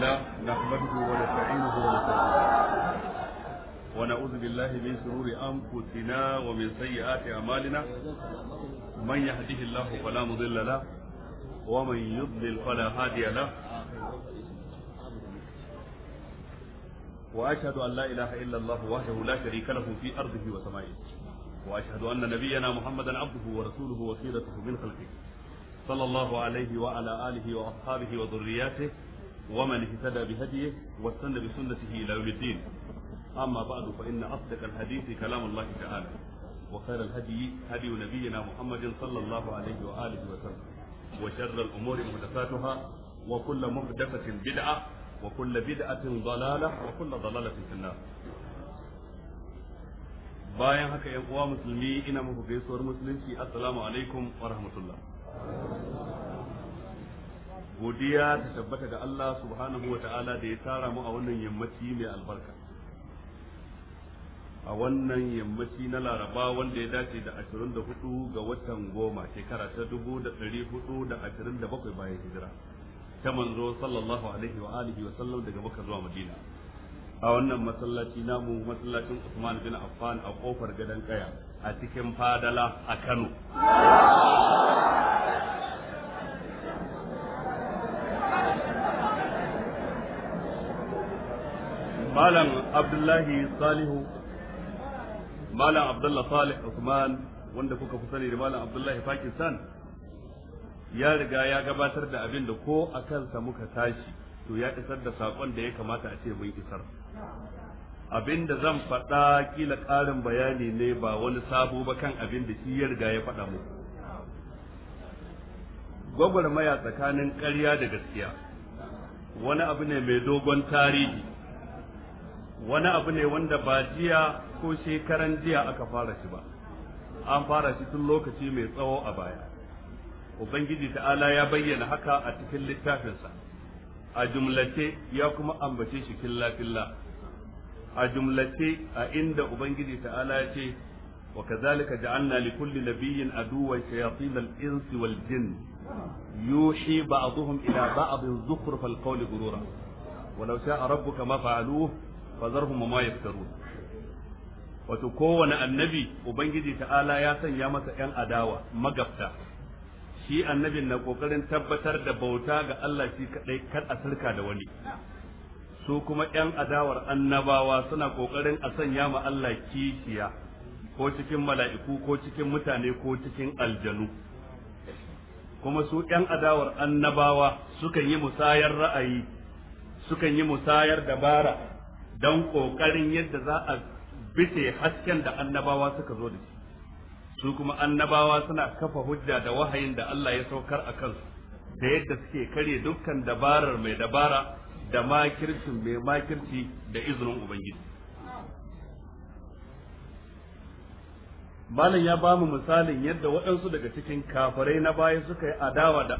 لا نحمده ونستعينه ونستغفره ونعوذ بالله من شرور انفسنا ومن سيئات اعمالنا من يهده الله فلا مضل له ومن يضلل فلا هادي له واشهد ان لا اله الا الله وحده لا شريك له في ارضه وسمائه واشهد ان نبينا محمدا عبده ورسوله وسيلته من خلقه صلى الله عليه وعلى آله وأصحابه وذرياته ومن اهتدى بهديه واستنى بسنته إلى يوم الدين أما بعد فإن أصدق الحديث كلام الله تعالى وخير الهدي هدي نبينا محمد صلى الله عليه وآله وسلم وشر الأمور محدثاتها وكل محدثة بدعة وكل بدعة ضلالة وكل ضلالة في النار bayan haka yan uwa musulmi ina muku gaisuwar musulunci assalamu alaikum wa rahmatullah godiya ta tabbata ga Allah subhanahu wa ta'ala da ya tara mu a wannan yammaci mai albarka a wannan yammaci na laraba wanda ya dace da 24 ga watan goma shekara ta 1427 bayan hijira ta manzo sallallahu alaihi wa alihi wa sallam daga Makka zuwa Madina a wannan masallaci namu masallacin Usman bin Affan a kofar gadan kaya a cikin fadala a Kano malam abdullahi salihu malam abdullahi salih usman wanda kuka fi sani da malam abdullahi pakistan ya riga ya gabatar da abin da ko a kansa muka tashi to ya isar da sakon da ya kamata a ce mun isar abin da zan faɗa kila ƙarin bayani ne ba wani sabo ba kan abin da shi ya riga ya faɗa mu. gwagwarmaya tsakanin ƙarya da gaskiya wani abu ne mai dogon tarihi wani abu ne wanda ba jiya ko shekaran jiya aka fara shi ba an fara shi tun lokaci mai tsawo a baya ubangiji ta'ala ya bayyana haka a cikin littafinsa a jumlace ya kuma ambace shi killa-killa a jumlace a inda ubangiji ta'ala ya ce wa kazalika ja'alna li kulli nabiyyin aduwwan shayatin al-insi wal jinn yuhi ba'dhum ila ba'dhin zukhruf al-qawli ghurura ولو شاء ربك ما فعلوه fazarhum ma yaftarun wato kowane annabi ubangiji ta'ala ya sanya masa yan adawa magabta shi annabin na kokarin tabbatar da bauta ga Allah shi kadai kar a sarka da wani su kuma yan adawar annabawa suna kokarin a sanya ma Allah kishiya ko cikin mala'iku ko cikin mutane ko cikin aljanu kuma su yan adawar annabawa sukan yi musayar ra'ayi sukan yi musayar dabara don ƙoƙarin yadda za a bice hasken da annabawa suka zo da shi su kuma annabawa suna kafa hujja da wahayin da Allah ya saukar a kansu da yadda suke kare dukkan dabarar mai dabara da makircin mai makirci da izinin ubangiji malam ya ba mu misalin yadda waɗansu daga cikin kafirai na baya suka yi adawa da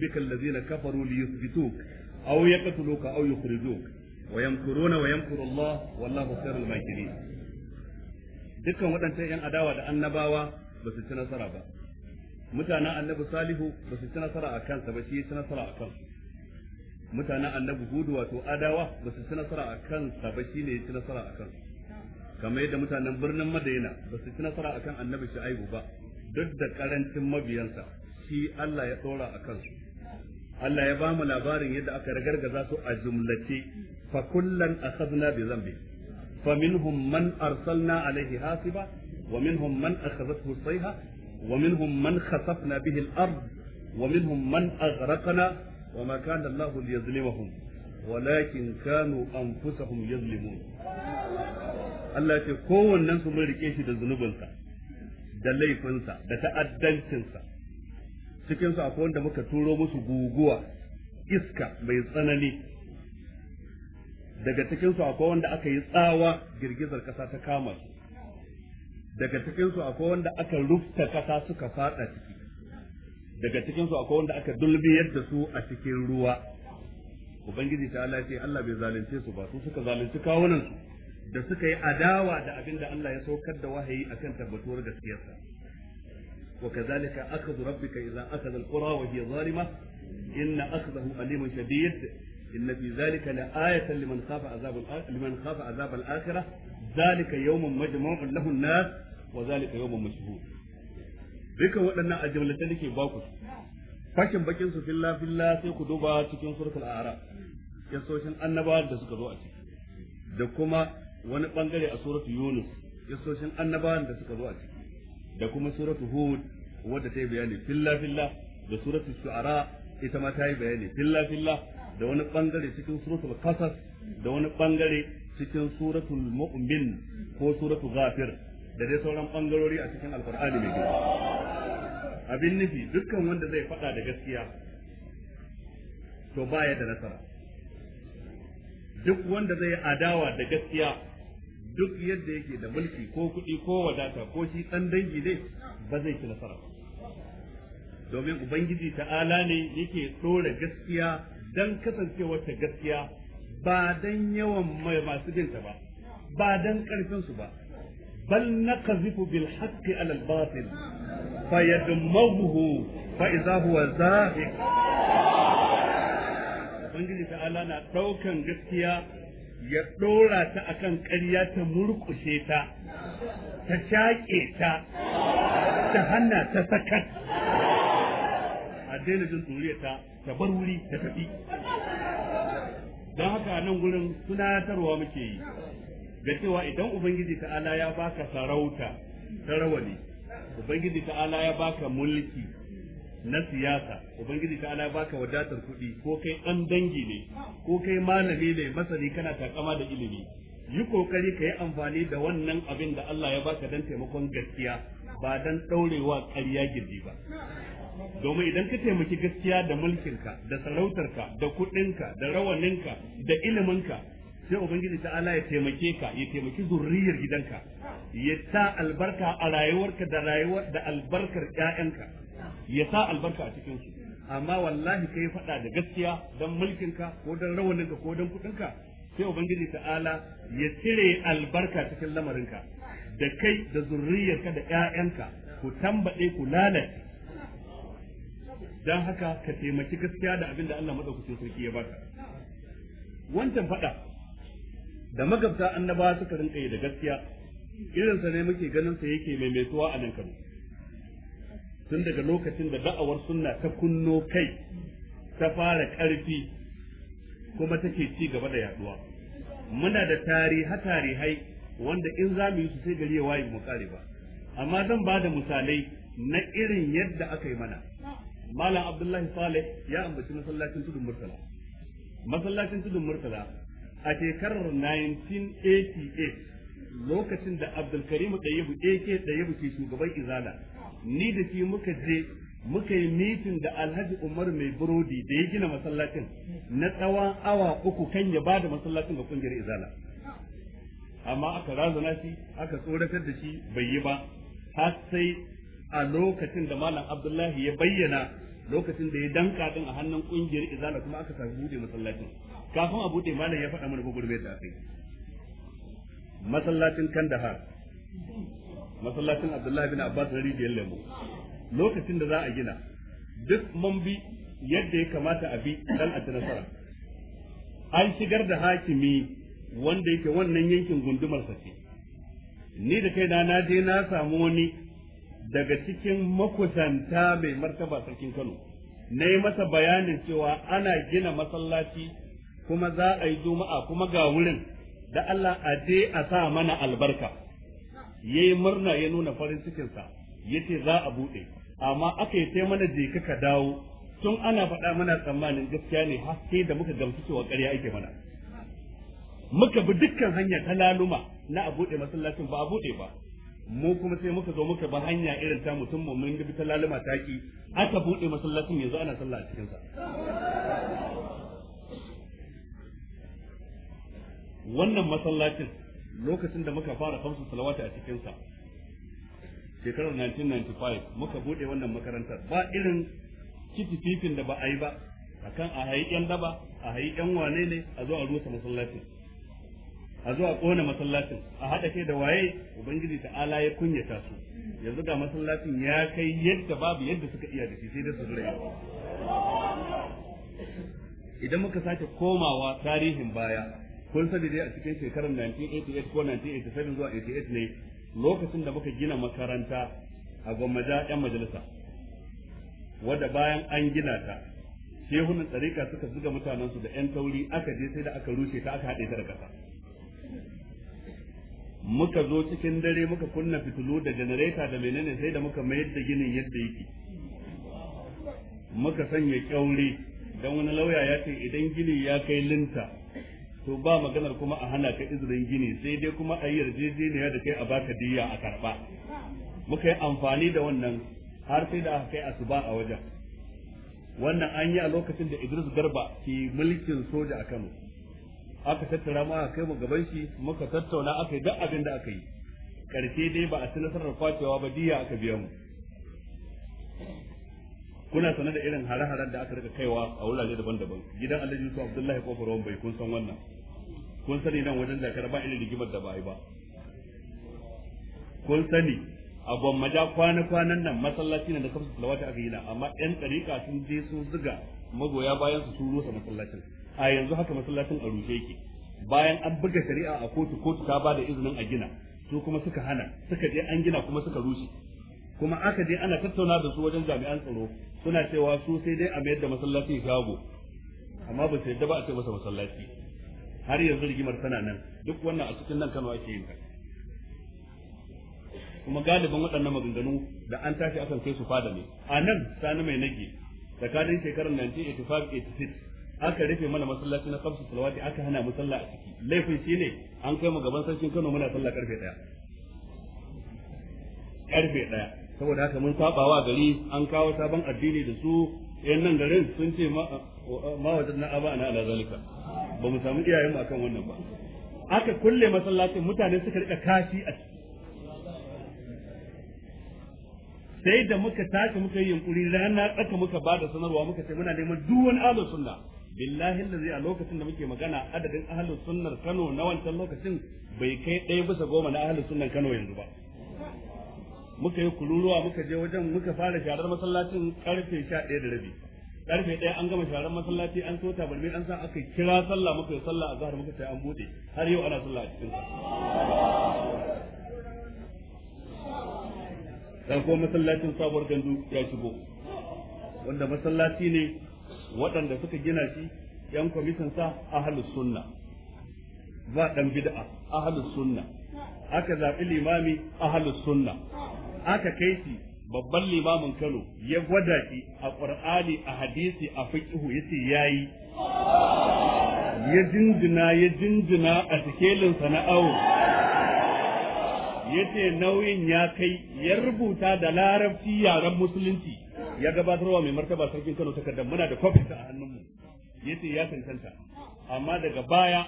bika allazina kafaru liyuthbituk aw yaqtuluka aw yukhrijuk wa yamkuruna wa yamkuru Allah wallahu khairul makirin dukkan waɗancan yan adawa da annabawa ba su ci nasara ba mutanen annabi salihu ba su ci nasara a kansa ba shi ya ci nasara a kansu mutanen annabi hudu wato adawa ba su ci nasara a kansa ba shi ne ya ci nasara a kansu kamar yadda mutanen birnin madaina ba su ci nasara a kan annabi shu'aibu ba duk da ƙarancin mabiyansa shi Allah ya ɗora a kansu Allah ya bamu labarin yadda aka ragargaza su a jumlace fa kullan akhadna bi dhanbi fa minhum man arsalna alaihi hasiba wa minhum man akhadathu sayha wa minhum man khasafna bihi al-ard wa minhum man aghraqna wa ma kana Allah liyazlimahum walakin kanu anfusahum yazlimun Allah ya ce kowannen su mun rike shi da zunubinsa da laifinsa da ta'addancinsa cikin su akwai wanda muka turo musu guguwa iska mai tsanani daga cikin su akwai wanda aka yi tsawa girgizar kasa ta kama su daga cikin akwai wanda aka rufta kasa suka fada ciki daga cikin akwai wanda aka dulbiyar da su a cikin ruwa ubangiji ta Allah ce Allah bai zalunce su ba su suka zalunci kawunan su da suka yi adawa da abin da Allah ya saukar da wahayi akan tabbatuwar gaskiyarsa وكذلك أخذ ربك إذا أخذ القرى وهي ظالمة إن أخذه أليم شديد إن في ذلك لآية لمن خاف عذاب لمن خاف عذاب الآخرة ذلك يوم مجموع له الناس وذلك يوم مشهود dukan waɗannan a jimlata nake baku fashin bakin su filla sai ku duba cikin surkul ara da kuma wani bangare a suratu yunus da kuma suratu hud wadda ta yi bayani filla filla da suratu shu'ara ita ma ta yi bayani filla filla da wani bangare cikin suratul qasas da wani bangare cikin suratul mu'min ko suratul ghafir da dai sauran bangarori a cikin alqur'ani mai girma abin nufi dukkan wanda zai faɗa da gaskiya to baya da nasara duk wanda zai adawa da gaskiya duk yadda yake da mulki ko kuɗi ko wadata ko shi ɗan dangi ne ba zai ci nasara domin ubangiji ta'ala ne yake ɗora gaskiya dan kasancewar ta gaskiya ba dan yawan mai masu binta ba ba dan ƙarfin su ba bal naqzifu bil haqqi ala al batil yadmuhu fa idza huwa zahiq ubangiji ta'ala na ɗaukan gaskiya ya ɗora ta kan ƙarya ta murƙushe ta ta shaƙe ta ta hana ta sakat a daina jin tsoriyata ta bar wuri ta tafi don haka nan gurin tunatarwa muke yi da cewa idan ubangiji ta'ala ya baka sarauta ta rawani ubangiji ta'ala ya baka mulki na siyasa ubangiji ta ala baka wadatar kuɗi ko kai an dangi ne ko kai malami ne masani kana takama da ilimi yi kokari ka yi amfani da wannan abin da Allah ya baka dan taimakon gaskiya ba dan ɗaurewa ƙarya girji ba domin idan ka taimaki gaskiya da mulkinka da sarautarka da ka, da rawaninka da ka, sai ubangiji ta ala ya taimake ka ya taimaki zurriyar gidanka ya ta albarka a rayuwarka da rayuwar da albarkar ƴaƴanka ya sa albarka a cikin su amma wallahi ka yi faɗa da gaskiya don mulkinka ko don rawaninka, ko don kuɗinka. sai ubangiji ta'ala ya cire albarka cikin lamarinka. da kai da zurriyarka da ƴaƴanka ku tambaɗe ku lalace dan haka ka taimaki gaskiya da abin da Allah madaukakin sarki ya baka wancan faɗa da magabta annabawa suka rinka yi da gaskiya irinsa ne muke ganin sa yake maimaituwa a nan kano tun daga lokacin da da'awar sunna ta kunno kai ta fara ƙarfi kuma take ci gaba da yaduwa muna da tariha tarihai wanda in za mu yi su sai gari ya waye mu kare ba amma zan ba da misalai na irin yadda aka yi mana malam abdullahi saleh ya ambaci masallacin tudun murtala masallacin tudun murtala a shekarar 1988 lokacin da abdulkarim ɗayibu ak ɗayibu ke shugaban izala ni da shi muka je muka yi mitin da alhaji umar mai burodi da ya gina masallacin na tsawon awa uku kan ya ba da masallacin ga kungiyar izala amma aka razana shi aka tsoratar da shi bai yi ba har sai a lokacin da malam abdullahi ya bayyana lokacin da ya danka din a hannun kungiyar izala kuma aka tafi bude masallacin kafin a bude malam ya faɗa mana gurgurbe da akai masallacin kandahar masallacin abdullahi bin abbas na rijiyar lemo lokacin da za a gina duk mun bi yadda ya kamata a bi dan a nasara an shigar da hakimi wanda yake wannan yankin gundumar sa ni da kai na je na samu wani daga cikin makusanta mai martaba sarkin Kano na yi masa bayanin cewa ana gina masallaci kuma za a yi juma'a kuma ga wurin da Allah a je a sa mana albarka yayi murna ya nuna farin cikin sa yace za a buɗe amma aka yi sai mana je ka dawo tun ana faɗa mana tsammanin gaskiya ne har da muka gamsu cewa ƙarya ake mana muka bi dukkan hanya ta laluma na a bude masallacin ba a bude ba mu kuma sai muka zo muka ba hanya irin ta mutum mu mun bi ta laluma taki aka bude masallacin yanzu ana sallah a cikin sa wannan masallacin lokacin da muka fara kamsu salawata a cikin sa shekarar 1995 muka bude wannan makarantar ba irin fifin da ba a yi ba akan a hayi yan daba a hayi yan wane ne a zo a rusa masallacin a zo a kona masallacin a haɗa kai da waye ubangiji ta ala ya kunyata su yanzu ga masallacin ya kai yadda babu yadda suka iya da sai da su zura idan muka sake komawa tarihin baya kun sani dai a cikin shekarar 1988 ko 1987 zuwa 88 ne lokacin da muka gina makaranta a gwamnati 'yan majalisa wadda bayan an gina ta shehunan tsarika suka zuga mutanensu da 'yan tauri aka je sai da aka rushe ta aka haɗe ta da ƙasa muka zo cikin dare muka kunna fitilu da janareta da menene sai da muka mayar da ginin yadda yake muka sanya kyaure don wani lauya ya ce idan gini ya kai linta to ba maganar kuma a hana ka izinin gini sai dai kuma a yi yarjejeniya da kai a baka diya a karba muka yi amfani da wannan har sai da aka kai asuba a wajen wannan an yi a lokacin da Idris Garba ke mulkin soja a Kano aka tattara mu aka kai mu gaban shi muka tattauna aka yi duk abin da aka yi karshe dai ba a ci nasarar kwacewa ba diya aka biya mu kuna sanar da irin hare-haren da aka rika kaiwa a wurare daban-daban gidan alhaji yusuf abdullahi kofar bai kun san wannan kun sani nan wajen jakar ba irin rigimar da bai ba kun sani a bambaja kwana-kwanan nan masallaci ne da kafin salawati aka yi amma yan ɗariƙa sun je sun ziga magoya bayan su sun sa masallacin a yanzu haka masallacin a rushe yake bayan an buga shari'a a kotu kotu ta ba izinin a gina su kuma suka hana suka je an gina kuma suka rushe kuma aka je ana tattauna da su wajen jami'an tsaro suna cewa su sai dai a mayar da masallaci shago amma ba su yadda ba a ce masa masallaci har yanzu rigimar tana nan duk wannan a cikin nan Kano ake yin ka kuma galibin waɗannan maganganu da an tashi akan kai su fada ne a nan sani mai nage tsakanin shekarar 1985 aka rufe mana masallaci na kamsu salawati aka hana mu a ciki laifin shi ne an kai mu gaban sarkin Kano muna sallah karfe ɗaya karfe ɗaya saboda haka mun sabawa gari an kawo sabon addini da su yan nan garin sun ce ma wajen na aba na ala zalika ba mu samu iyayen mu akan wannan ba aka kulle masallacin mutane suka rika kashi a ciki sai da muka tashi muka yi yunkuri na tsaka muka bada sanarwa muka ce muna neman duk wani ahlus sunna billahi allazi a lokacin da muke magana adadin ahlus sunnar Kano na wancan lokacin bai kai ɗaya bisa goma na ahlus sunnar Kano yanzu ba muka yi kururuwa muka je wajen muka fara sharar masallacin karfe 11 da rabi karfe ɗaya an gama sharan masallaci an so mai an sa aka kira sallah muka yi sallah a zahar muka sai an bude har yau ana sallah a cikin sa dan kuma masallacin sabuwar gandu ya shigo wanda masallaci ne waɗanda suka gina shi yan kwamitin sa ahlus sunna ba ɗan bid'a ahlus sunna aka zaɓi limami ahlus sunna aka kai shi babban limamin Kano ya gwada shi a Qur'ani a hadisi a fiqhu yace yayi ya jinjina ya jinjina a cikin sana'awo yace nauyin ya kai ya rubuta da larabci yaren musulunci ya gabatarwa mai martaba sarkin Kano takardar muna da kofi a hannunmu yace ya tantanta amma daga baya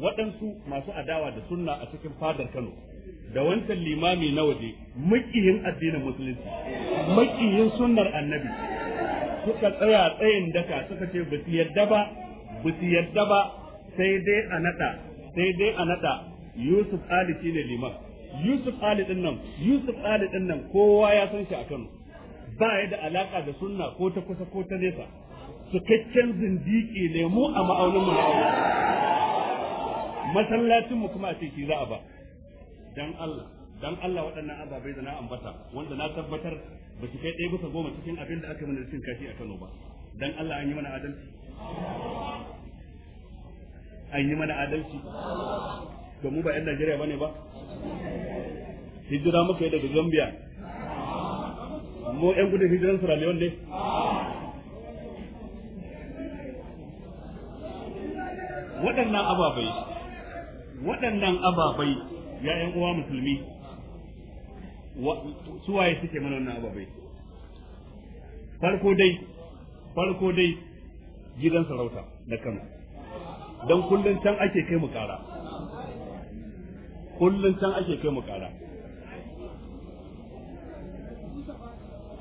waɗansu masu adawa da sunna a cikin fadar Kano da wancan limami na waje makiyin addinin musulunci makiyin sunnar annabi suka tsaya tsayin daka suka ce ba su yadda ba ba su yadda ba sai dai a nada sai dai a nada Yusuf Ali shine liman Yusuf Ali din nan Yusuf Ali din nan kowa ya san shi a Kano ba ya da alaka da sunna ko ta kusa ko ta nesa cikakken zindiki ne mu a ma'aunin mu masallacin mu kuma a ce shi za a ba dan Allah dan Allah waɗannan ababai da na ambata wanda na tabbatar ba su kai ɗaya bisa goma cikin abin da aka mana cin kashi a Kano ba dan Allah an yi mana adalci an yi mana adalci to mu ba yan Najeriya bane ba hijira muka yi daga Gambia mu yan gudun hijiran Sierra Leone ne waɗannan ababai waɗannan ababai ya yan uwa musulmi su waye suke mana wannan ababai farko dai farko dai gidan sarauta da kano don kullum can ake kai mu kara kullum can ake kai mu kara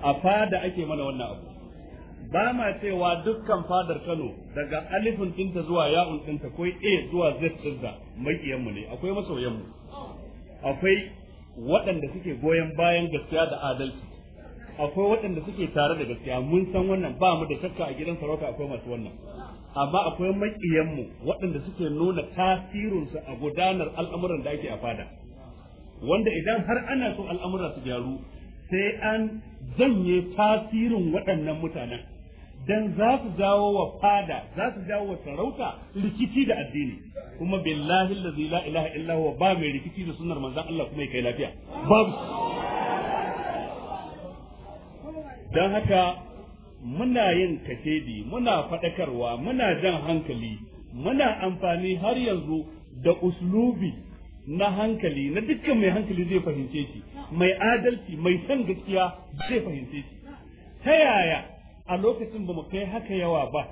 a fada ake mana wannan abu ba ma cewa dukkan fadar Kano daga alifin dinta zuwa ya'un dinta ko A zuwa Z dinta makiyanmu ne akwai masoyanmu akwai waɗanda suke goyon bayan gaskiya da adalci akwai waɗanda suke tare da gaskiya mun san wannan ba mu da shakka a gidan sarauta akwai masu wannan amma akwai maƙiyanmu waɗanda suke nuna tasirinsu a gudanar al'amuran da ake a fada wanda idan har ana so al'amura su gyaru sai an zanye tasirin waɗannan mutanen dan za su jawo wa fada za su dawo wa sarauta rikici da addini kuma billahi allazi la ilaha illa huwa ba mai rikici da sunnar manzon Allah kuma kai lafiya babu dan haka muna yin kashedi muna fadakarwa muna jan hankali muna amfani har yanzu da uslubi na hankali na dukkan mai hankali zai fahimce shi mai adalci mai san gaskiya zai fahimce shi ta yaya a lokacin ba mu kai haka yawa ba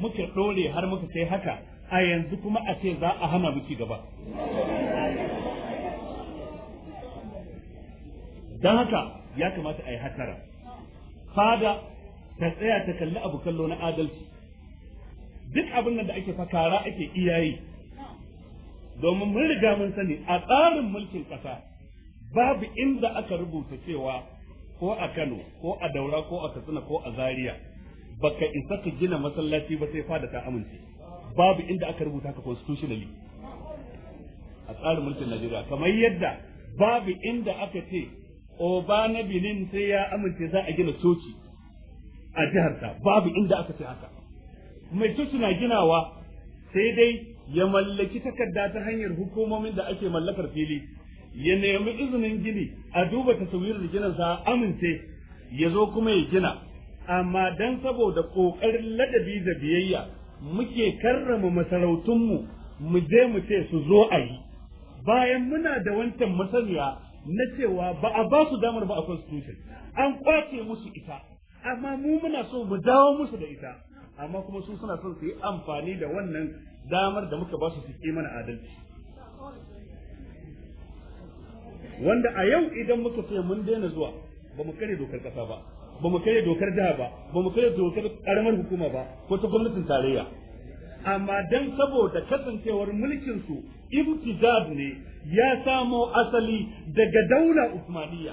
muke ɗore har muka kai haka a yanzu kuma a ce za a hana mu gaba don haka ya kamata a yi hatara fada ta tsaya ta kalli abu kallo na adalci duk abin da ake fakara ake iyayi domin mun riga mun sani a tsarin mulkin ƙasa babu inda aka rubuta cewa ko a Kano ko a Daura ko a Katsina ko a Zaria baka isa ka gina masallaci ba sai fada ta amince babu inda aka rubuta ka constitutionally a tsarin mulkin Najeriya kamar yadda babu inda aka ce oba na Benin sai ya amince za a gina coci a jiharsa babu inda aka ce haka mai coci na ginawa sai dai ya mallaki takarda ta hanyar hukumomin da ake mallakar fili ya nemi izinin gini a duba taswirar sa amince ya zo kuma ya gina amma dan saboda kokarin ladabi da biyayya muke karrama masarautunmu mu je mu ce su zo a yi bayan muna da wancan masaniya na cewa ba a ba su damar ba a constitution an kwace musu ita amma mu muna so mu dawo musu da ita amma kuma su suna son su yi amfani da wannan damar da muka ba su su mana adalci wanda a yau idan muka ce mun daina zuwa ba mu kare dokar kasa ba ba mu kare dokar jiha ba ba mu kare dokar karamar hukuma ba ko ta gwamnatin tarayya amma dan saboda kasancewar mulkin su ibtidad ne ya samo asali daga daula Usmaniyya.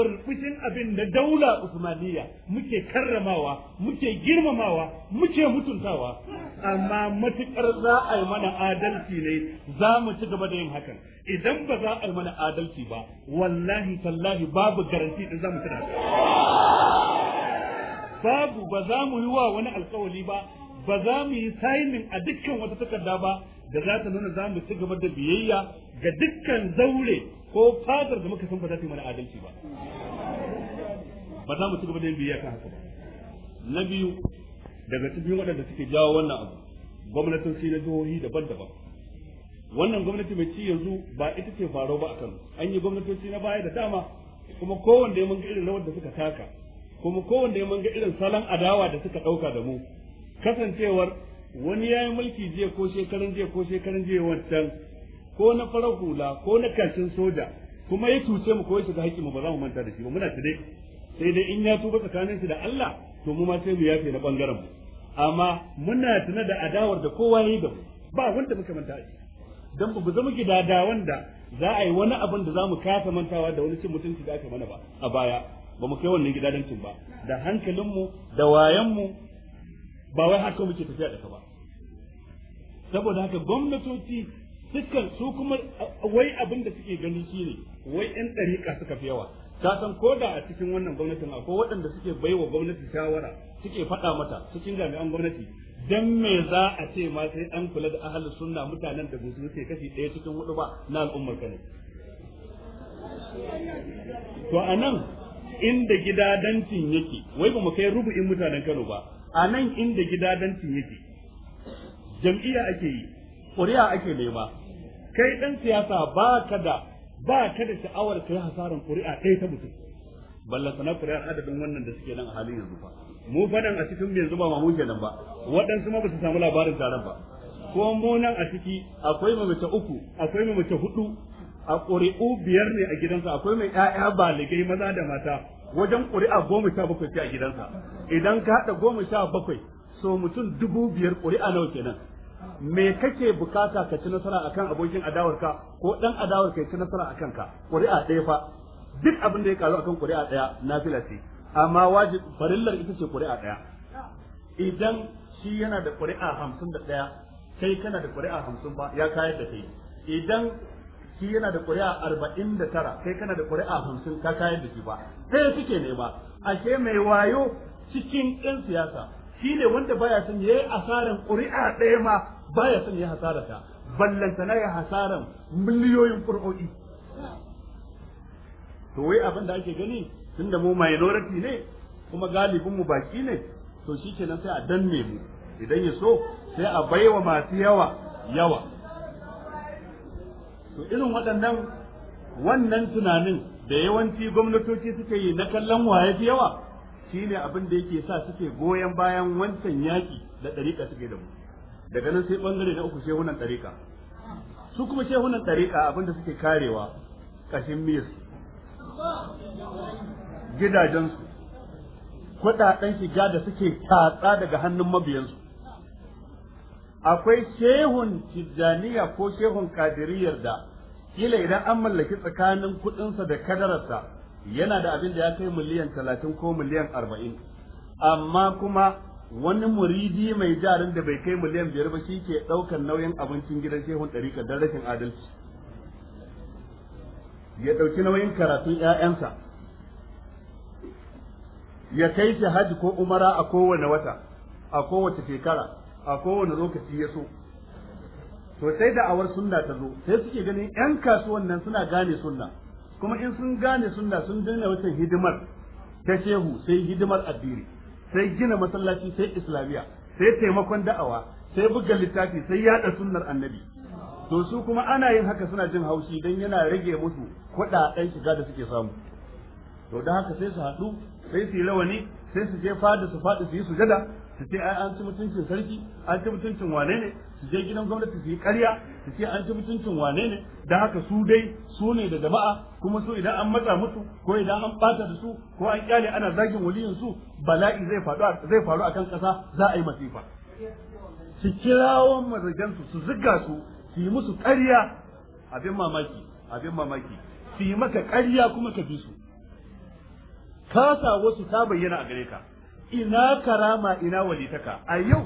burbushin abin da daula usmaniya muke karramawa muke girmamawa muke mutuntawa amma matukar za a yi mana adalci ne za mu ci gaba da yin hakan idan ba za a yi mana adalci ba wallahi tallahi babu garanti da za mu ci da babu ba za mu yi wa wani alkawali ba ba za mu yi sainin a dukkan wata takarda ba da za ta nuna za mu ci gaba da biyayya ga dukkan zaure ko fadar da muka san ba za ta yi mana adalci ba ba za mu ci gaba da yin biyayya kan haka ba na biyu daga cikin waɗanda suke jawo wannan abu gwamnatoci na jihohi daban-daban wannan gwamnati mai ci yanzu ba ita ce faro ba a kano an yi gwamnatoci na baya da dama kuma kowanne ya manga irin rawar da suka taka kuma kowanne ya manga irin salon adawa da suka ɗauka da mu kasancewar wani ya yi mulki jiya ko shekaran jiya ko shekaran jiya wancan ko na farar hula ko na kakin soja kuma ya cuce mu ko ya shiga hakkin mu ba za mu manta da shi ba muna dai sai dai in ya tuba tsakanin shi da Allah to mu ma sai mu yafe na bangaren mu amma muna tuna da adawar da kowa yayi da mu ba wanda muka manta a dan ba zama gidada wanda za a yi wani abin da za mu kasa mantawa da wani cin mutunci da aka mana ba a baya ba mu kai wannan gidadancin ba da hankalinmu da wayanmu ba wai haka muke tafiya da ka ba saboda haka gwamnatoci dukkan su kuma wai abin da suke gani shi ne wai yan ɗariƙa suka fi yawa ta san ko da a cikin wannan gwamnatin akwai waɗanda suke wa gwamnati shawara suke faɗa mata cikin jami'an gwamnati dan me za a ce ma sai an kula da ahalin sunna mutanen da su suke kashi ɗaya cikin hudu ba na al'ummar kano to anan inda gidadancin yake wai ba mu kai rubu'in mutanen Kano ba anan inda gidadancin yake jam'iyya ake yi ƙuri'a ake nema kai dan siyasa ba ka da ba ka da sha'awar kai hasaran ƙuri'a ɗaya ta mutum balla sana ƙuri'a adadin wannan da suke nan a halin yanzu ba mu fadan a cikin yanzu ba mu kenan ba waɗansu ma ba su samu labarin taron ba ko mu nan a ciki akwai mace uku akwai mace hudu a ƙuri'u biyar ne a gidansa akwai mai ƴaƴa baligai maza da mata wajen ƙuri'a goma sha bakwai ce a gidansa idan ka haɗa goma sha bakwai so mutum dubu biyar ƙuri'a nawa kenan me kake bukata ka ci nasara akan abokin adawarka ko dan adawar ka ci nasara akan ka ƙuri'a ɗaya fa duk abin da ya karu akan ƙuri'a ɗaya nafila ce amma wajib farillar ita ce ƙuri'a ɗaya idan shi yana da ƙuri'a hamsin da ɗaya kai kana da ƙuri'a hamsin ba ya kayar da kai idan shi yana da ƙuri'a arba'in da tara kai kana da ƙuri'a hamsin ka kayar da shi ba sai suke ne A ashe mai wayo cikin 'yan siyasa ne wanda baya son ya yi asarar ƙuri'a ɗaya ma baya son ya hasara ta na ya hasaran miliyoyin ƙuri'o'i to wai abin da ake gani da mu minority ne kuma galibin mu baki ne to shi shikenan sai a danne mu idan ya so sai a baiwa masu yawa yawa to irin waɗannan wannan tunanin da yawanci gwamnatoci suke yi na kallon waye fi yawa shine abin da yake sa suke goyon bayan wancan yaƙi da ɗariƙa suke da mu daga nan sai ɓangare na uku shehunan ɗariƙa su kuma shehunan ɗariƙa abin da suke karewa ƙashin miyar gidajensu kuɗaɗen shiga da suke tatsa daga hannun mabiyansu akwai shehun tijjaniya ko shehun kadiriyar da kila idan an mallaki tsakanin kuɗinsa da kadararsa yana da abin da ya kai miliyan talatin ko miliyan arba'in amma kuma wani muridi mai jarin da bai kai miliyan biyar ba shi ke ɗaukar nauyin abincin gidan shehun ɗarika don rashin adalci ya ɗauki nauyin karatun 'ya'yansa ya kai shi hajji ko umara a kowane wata a kowace shekara a kowane lokaci ya so Sosai da awar sunna ta zo sai suke ganin 'yan kasuwan nan suna gane sunna kuma in sun gane sunna sun daina wata hidimar ta shehu sai hidimar addini sai gina masallaci sai islamiya sai taimakon da'awa sai buga littafi sai yada sunnar annabi to su kuma ana yin haka suna jin haushi dan yana rage musu kuɗaɗen shiga da suke samu to da haka sai su haɗu sai su yi rawani sai su je fada su faɗi su yi sujada su ce ai an ci mutuncin sarki an ci mutuncin wane ne su je gidan gwamnati su yi karya su ce an ci mutuncin wane ne da haka su dai su ne da jama'a kuma su idan an matsa musu ko idan an bata da su ko an kyale ana zagin waliyin su bala'i zai faru zai faru akan ƙasa za a yi masifa su kirawo mazajen su su ziga su su yi musu ƙarya abin mamaki abin mamaki su yi maka ƙarya kuma ka bi su kasa wasu ta bayyana a gare ka ina karama ina walitaka a yau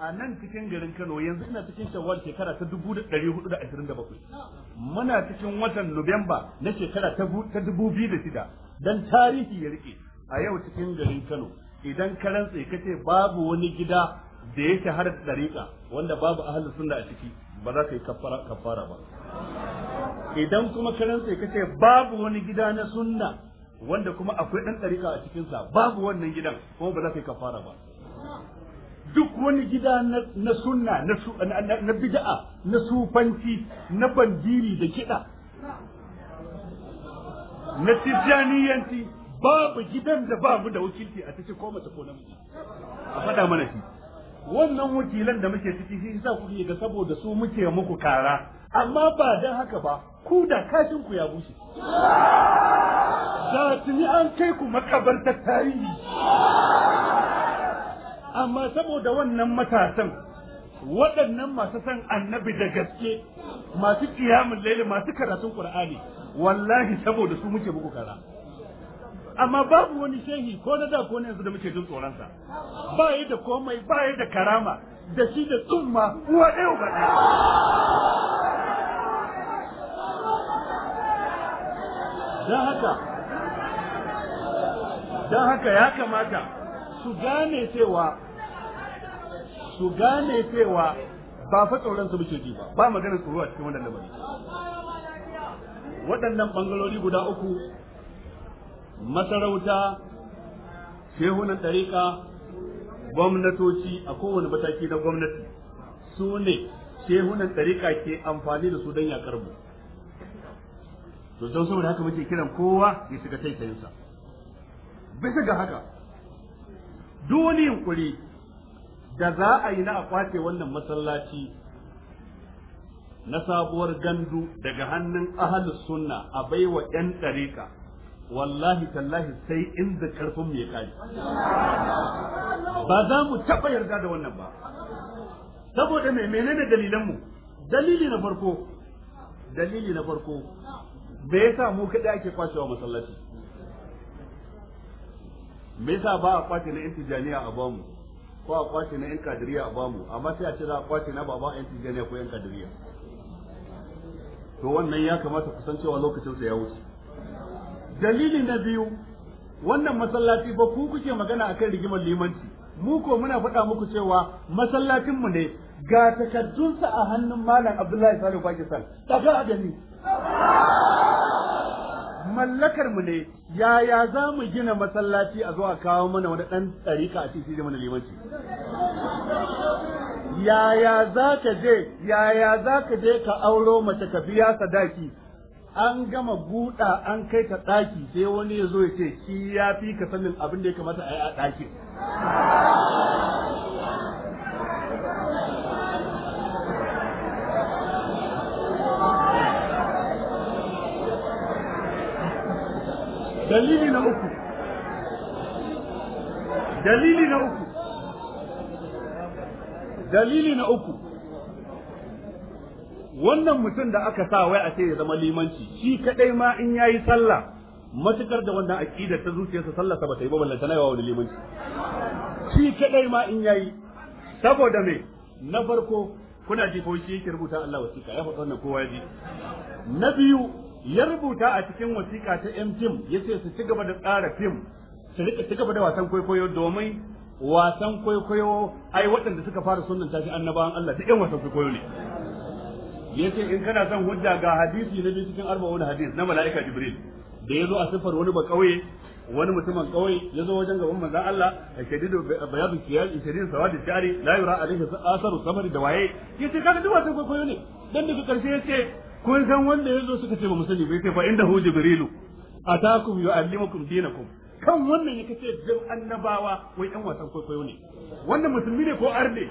a nan cikin garin Kano yanzu ina cikin shawar shekara ta 1427 muna cikin watan Nuwamba na shekara ta 2006 dan tarihi ya rike a yau cikin garin Kano idan ka rantse kace babu wani gida da yake shahara da dariƙa wanda babu ahlus sunna a ciki ba za ka yi kafara ba idan kuma ka rantse kace babu wani gida na sunna wanda kuma akwai ɗan ɗarika a cikinsa babu wannan gidan kuma ba za ka yi kafara ba duk wani gida na sunna na bida'a, na sufanci na bandiri da kiɗa na tijjaniyanci babu gidan da babu da wakilci a cikin ko mace ko namiji a faɗa mana shi wannan wakilan da muke ciki shi sa kuke ga saboda su muke muku kara amma ba dan haka ba ku da kashin ku ya bushe da tuni an kai ku makabartar tarihi amma saboda wannan matasan waɗannan masu san annabi da gaske masu kiyamun laili masu karatun qur'ani wallahi saboda su muke muku kara amma babu wani shehi ko na da ko na yanzu da muke jin tsoronsa ba yi da komai ba yi da karama da shi da tsumma uwa ɗaya ba ɗaya don haka don haka ya kamata su gane cewa su gane cewa ba fa tsoron muke ji ba ba maganar tsoro a cikin wannan lamari waɗannan bangalori guda uku masarauta shehunan ɗariƙa gwamnatoci a kowane mataki na gwamnati su ne shehunan ɗariƙa ke amfani da su don yaƙar mu to don saboda haka muke kiran kowa ya shiga taitayinsa bisa ga haka duk wani yunkuri da za a yi na a kwace wannan masallaci na sabuwar gandu daga hannun ahalus sunna a baiwa 'yan ɗariƙa wallahi tallahi sai inda karfin mu ya kare ba za mu taɓa yarda da wannan ba saboda me menene dalilan mu dalili na farko dalili na farko me yasa mu kada ake kwacewa masallaci me yasa ba a kwace na intijaniya a bamu ko a kwace na yan kadiriya a bamu amma sai a ce za a kwace na baba yan tijaniya ko yan kadiriya to wannan ya kamata ku san cewa lokacin sa ya wuce dalili na biyu wannan masallaci ba ku kuke magana akan rigimar limanci mu ko muna faɗa muku cewa masallacin mu ne ga takaddunsa a hannun malam Abdullahi Salihu Pakistan daga adami mallakar mu ne yaya za mu gina masallaci a zo a kawo mana wani ɗan tsarika a cikin mana limanci yaya za ka je yaya za ka je ka auro mace ka biya sadaki an gama buɗa an kai ka ɗaki sai wani ya zo ya ce shi ya fi ka sanin abin da ya kamata a yi a ɗakin. Dalili na uku. Dalili na uku. Dalili na uku. wannan mutum da aka sa wai a ce ya zama limanci shi kadai ma in yayi sallah matukar da wannan aqida ta zuciyarsa sallah ba bata yi ba ballanta na yawa wani limanci shi kadai ma in yayi saboda me na farko kuna ji ko shi yake rubuta Allah wasiƙa ya faɗa wannan kowa ya ji na biyu ya rubuta a cikin wasiƙa ta MTIM yace su ci gaba da tsara fim su rika ci gaba da wasan kwaikwayo domin wasan kwaikwayo ai waɗanda suka fara sunan tashi annabawan Allah duk 'yan wasan kwaikwayo ne yace in kana son hujja ga hadisi na biyu cikin arba'un hadis na malaika jibril da yazo a sifar wani ba kauye wani mutumin kauye ya zo wajen gaban manzon Allah a shadidu bayadu kiyal shadidu sawadi shari la yura alaihi asaru samari da waye yace kaga duk wata koyo ne dan daga karshe ce kun san wanda yazo suka ce ba musani bai ce fa inda hu jibrilu atakum yu'allimukum dinakum kan wannan yake ce jin annabawa wai ɗan wasan kwaikwayo ne wannan musulmi ne ko arne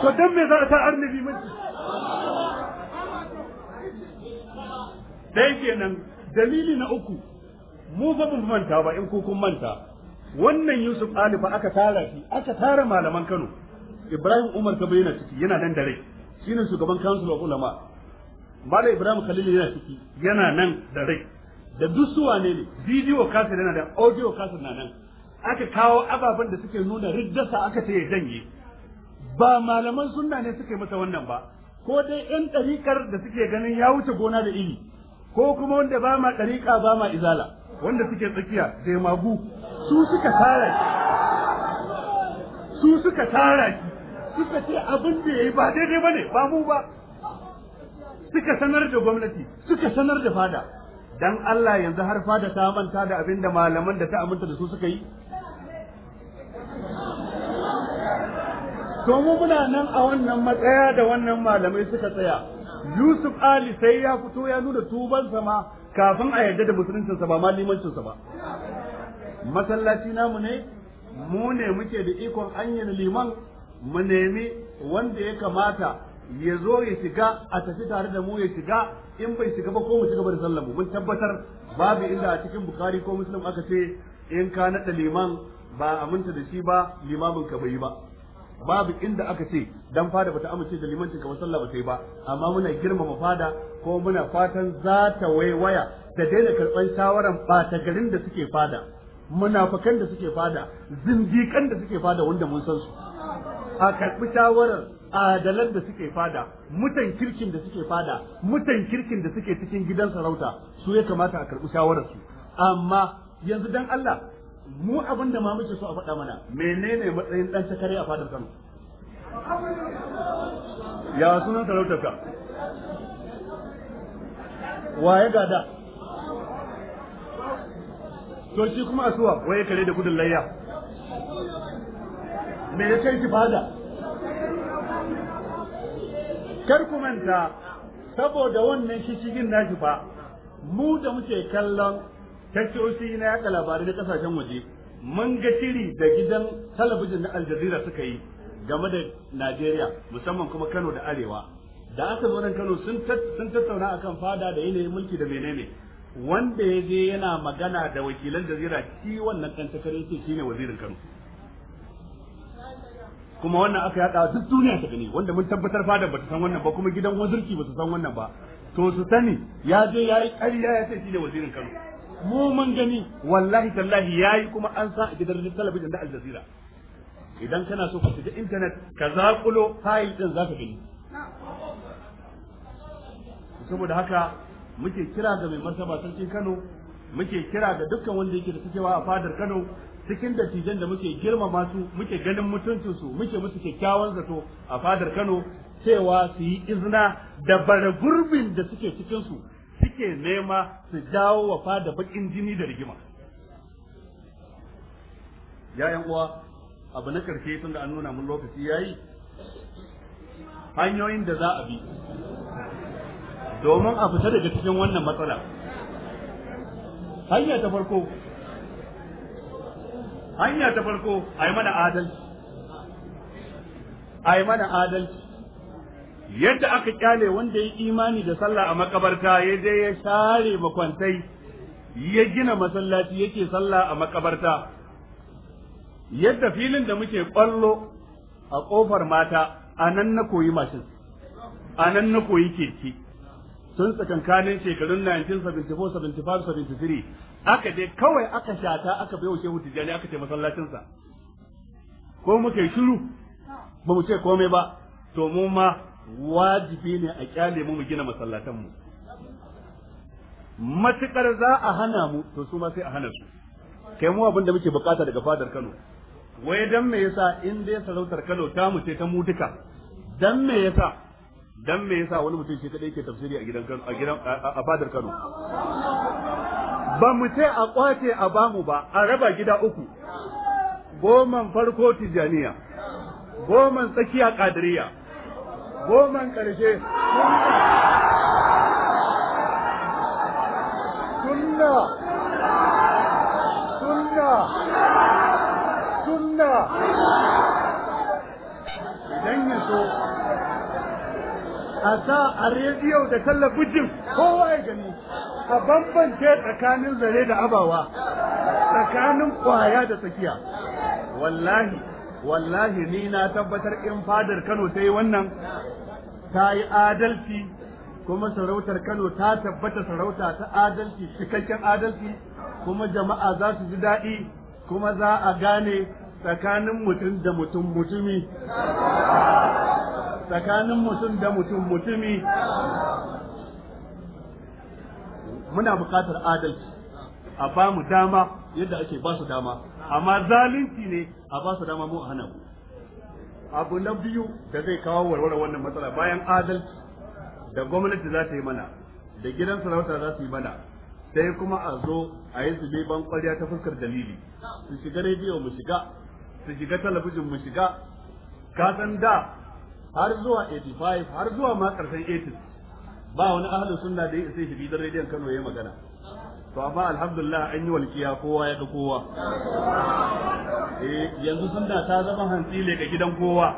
to dan me za a ta arne bi mace dai kenan dalili na uku mu fa mu manta ba in ku kun manta wannan Yusuf Ali aka tara shi aka tara malaman Kano Ibrahim Umar ka bayyana ciki yana nan da rai shine shugaban council of ulama Malam Ibrahim Khalil yana ciki yana nan da rai da dusuwa ne ne bidiyo kasa yana da audio kasa na nan aka kawo ababen da suke nuna riddasa aka ce ya janye ba malaman sunna ne suke masa wannan ba ko dai yan ɗariƙar da suke ganin ya wuce gona da iri ko kuma wanda ba ma ɗariƙa ba ma izala wanda suke tsakiya da magu su suka tara su suka tara suka ce abin da ya yi ba daidai ba ne ba mu ba suka sanar da gwamnati suka sanar da fada dan Allah yanzu har fada ta manta da abin da malaman da ta aminta da su suka yi to mu muna nan a wannan matsaya da wannan malamai suka tsaya Yusuf Ali sai ya fito ya nuna tuban ma kafin a yarda da sa ba ma sa ba masallaci namu ne mu ne muke da ikon anyan liman mu nemi wanda ya kamata ya zo ya shiga a tafi tare da mu ya shiga in bai shiga ba ko mu shiga ba da sallar mun tabbatar babu inda a cikin bukari ko muslim aka ce in ka naɗa liman ba aminta da shi ba limamin ka bai yi ba babu inda aka ce dan fada bata amince da limancin kamar sallah bata yi ba amma muna girmama fada ko muna fatan za ta waiwaya da daina karban shawaran bata garin da suke fada munafakan da suke fada zindikan da suke fada wanda mun san su a karbi shawarar adalan da suke fada mutan kirkin da suke fada mutan kirkin da suke cikin gidan sarauta su ya kamata a karɓi shawarar su amma yanzu dan Allah mu abin da ma muke so a faɗa mana menene matsayin dan takare a fadar Kano ya sunan sarautarka waye gada to shi kuma asuwa waye kare da gudun layya me ya kai shi fada kar ku manta saboda wannan cikin nashi fa mu da muke kallon tashoshi na yaka labarai na kasashen waje mun ga shiri da gidan talabijin na aljazira suka yi game da najeriya musamman kuma kano da arewa da aka zo nan kano sun tattauna akan fada da yanayin mulki da menene wanda ya je yana magana da wakilan jazira shi wannan kan takarar ce shine wazirin kano kuma wannan aka yaɗa duk duniya ta gani wanda mun tabbatar fada ba ta san wannan ba kuma gidan wazirki ba su san wannan ba to su sani ya je ya yi ƙarya ya ce shine wazirin kano mu mun gani wallahi tallahi yayi kuma an sa a gidan talabijin da Al Jazeera idan kana so ka shiga internet ka zakulo file din zaka gani saboda haka muke kira ga mai martaba sarkin Kano muke kira ga dukkan wanda yake da cikewa a fadar Kano cikin dattijan da muke girmama su muke ganin mutuncin su muke musu kyakkyawan zato a fadar Kano cewa su yi izina da bara gurbin da suke cikin su. suke nema su jawo wa fada bakin jini da rigima yayan uwa abu na karshe tunda an nuna mun lokaci yayi hanyoyin da za a bi domin a fita daga cikin wannan matsala hanya ta farko hanya ta farko a yi mana adalci a mana adalci yadda aka kyale wanda ya imani da sallah a makabarta ya je ya share makwantai ya gina masallaci yake sallah a makabarta yadda filin da muke kwallo a kofar mata a nan na koyi mashin a nan na koyi keke sun tsakankanin shekarun 1974 75 73 aka je kawai aka shata aka bai wa shehu jani aka ce masallacinsa ko muke shiru ba mu ce komai ba to mu ma wajibi ne a kyale mu mu gina masallatan mu matukar za a hana mu to su ma sai a hana su kai mu abin da muke bukata daga fadar Kano wai dan me yasa in dai sarautar Kano ta mu ce ta mu duka dan me yasa dan me yasa wani mutum shi kadai yake tafsiri a gidan Kano a gidan a fadar Kano ba mu ce a kwace a bamu ba a raba gida uku goman farko tijaniya goman tsakiya kadiriya goman ƙarshe sunna sunna sunna idan ya so a sa a rediyo da talabijin kowa ya gani a bambance tsakanin zare da abawa tsakanin kwaya da tsakiya wallahi wallahi ni na tabbatar in fadar Kano ta yi wannan ta yi adalci kuma sarautar Kano ta tabbata sarauta ta adalci cikakken adalci kuma jama'a za su ji daɗi kuma za a gane tsakanin mutum da mutum mutumi tsakanin mutum da mutum mutumi muna buƙatar adalci a ba mu dama yadda ake ba su dama amma zalunci ne a ba su dama mu a hana ku. abu na biyu da zai kawo warware wannan matsala bayan adal, da gwamnati za ta yi mana da gidan sarauta za su yi mana sai kuma a zo a yi zube ban kwarya ta fuskar dalili su shiga rediyo mu shiga su shiga talabijin mu shiga ka san da har zuwa 85 har zuwa ma karshen 80 ba wani ahalin sunna da sai shi bidan rediyon Kano ya yi magana to amma alhamdulillah an yi walƙiya kowa ya ga kowa eh yanzu sunna ta zama hantsi ne ga gidan kowa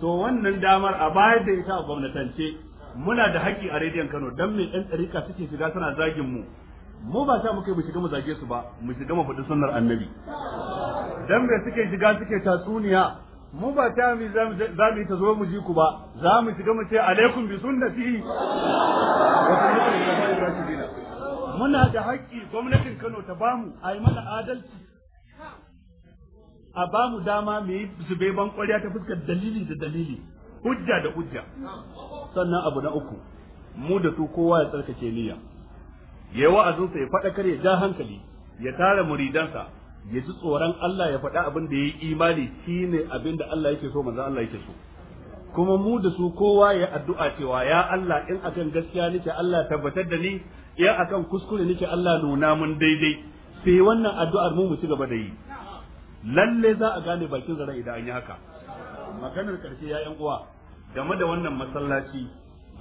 to wannan damar a bayar da ita a gwamnatance muna da haƙƙi a rediyon Kano don me ɗan ɗarika suke shiga suna zagin mu mu ba ta yi mu shiga mu zage su ba mu shiga mu faɗi sunnar annabi Don me suke shiga suke tatsuniya mu ba ta mu za mu yi ta zo mu ji ku ba za mu shiga mu ce alaikum bi sunnati wa sunnati al-khulafa'i ar muna da haƙƙi gwamnatin Kano ta bamu a yi mana adalci a bamu dama me yi zube ban ƙwarya ta fuskar dalili da dalili hujja da hujja sannan abu na uku mu da su kowa ya tsarkake niyya ya yi wa'azinsa ya faɗakar ya ja hankali ya tara muridansa ya ji tsoron Allah ya faɗa abin da ya yi imani shi ne abin da Allah yake so manzan Allah yake so kuma mu da su kowa ya addu'a cewa ya Allah in akan gaskiya nake Allah tabbatar da ni ya akan kuskure nake Allah nuna mun daidai sai wannan addu'ar mu mu ci gaba da yi lalle za a gane bakin zara idan an yi haka maganar karshe ya yan uwa game da wannan masallaci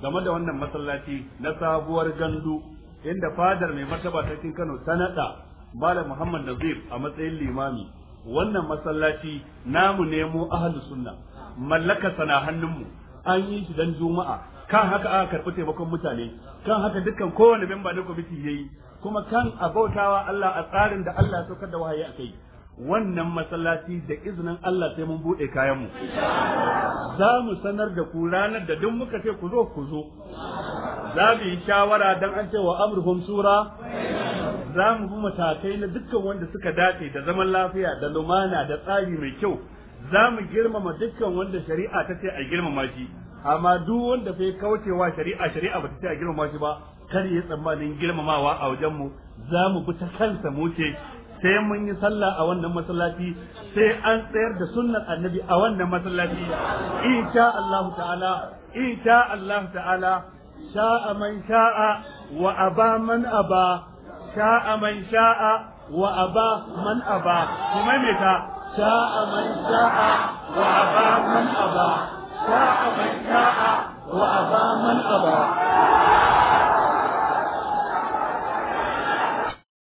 game da wannan masallaci na sabuwar gandu inda fadar mai martaba ta cikin Kano ta nada Malam Muhammad Nazir a matsayin limami wannan masallaci namu nemo mu ahlus sunna mallaka sana hannunmu an yi shi dan juma'a kan haka aka karɓi taimakon mutane kan haka dukkan kowane memba na kwamiti yi, kuma kan abautawa Allah a tsarin da Allah ya saukar da wahayi kai wannan masallaci da izinin Allah sai mun bude kayan mu za mu sanar da ku ranar da duk muka ce ku zo ku zo za mu yi shawara dan an ce wa amruhum sura za mu bi matakai na dukkan wanda suka dace da zaman lafiya da lumana da tsari mai kyau za mu girmama dukkan wanda shari'a ta ce a girmama shi amma duk wanda kauce wa shari'a shari'a ba ta ce a girmama shi ba kar yi tsammanin girmamawa a wajen mu za mu bi ta kansa mu ce sai mun yi sallah a wannan masallaci sai an tsayar da sunnan annabi a wannan masallaci insha Allah ta'ala insha Allah ta'ala sha'a man sha'a wa aba man aba sha'a man sha'a wa aba man aba kuma me ta sha'a man sha'a wa aba man aba شاء من شاء وأبى من